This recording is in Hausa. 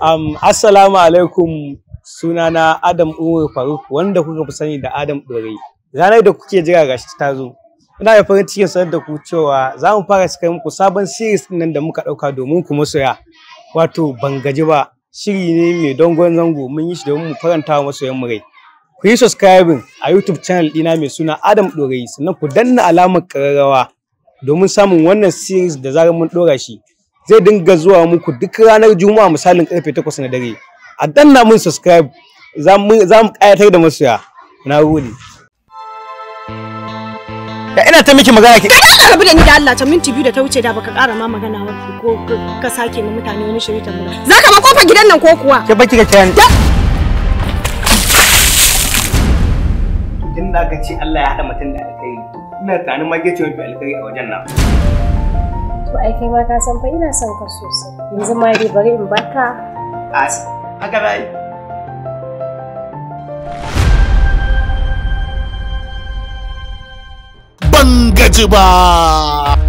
Um, assalamu alaikum sunana Adam Umar Faruk wanda kuka fi sani da Adam dore Ranar da kuke jira shi ta zo. Ina da farin cikin sanar da ku cewa za mu fara cikin muku sabon series nan da muka ɗauka domin ku masoya. Wato ban gaji ba shiri ne mai dongon zango mun yi shi domin mu faranta wa masoyan mu rai. Ku yi subscribing a YouTube channel ɗina mai suna Adam dore sannan ku danna alamar ƙararrawa domin samun wannan series da zarar mun dora shi. zai dinga zuwa muku duk ranar juma'a misalin karfe 8 na dare a danna mun subscribe za mu kayatar da masoya na gode da ina ta miki magana ki kada ka rabu da ni da Allah ta minti biyu da ta wuce da baka ƙara ma magana ba ko ka sake ni mutane wani shiri ta za ka ba kofar gidan nan ko kuwa ke baki ga kayan inda ka ce Allah ya haɗa mutum da alkai ina tani ma gece mafi alkai a wajen nan To ai kai ma ka san fa ina son ka sosai. Yanzu ma dai bari in baka. Ai, haka bai Ban gaji ba.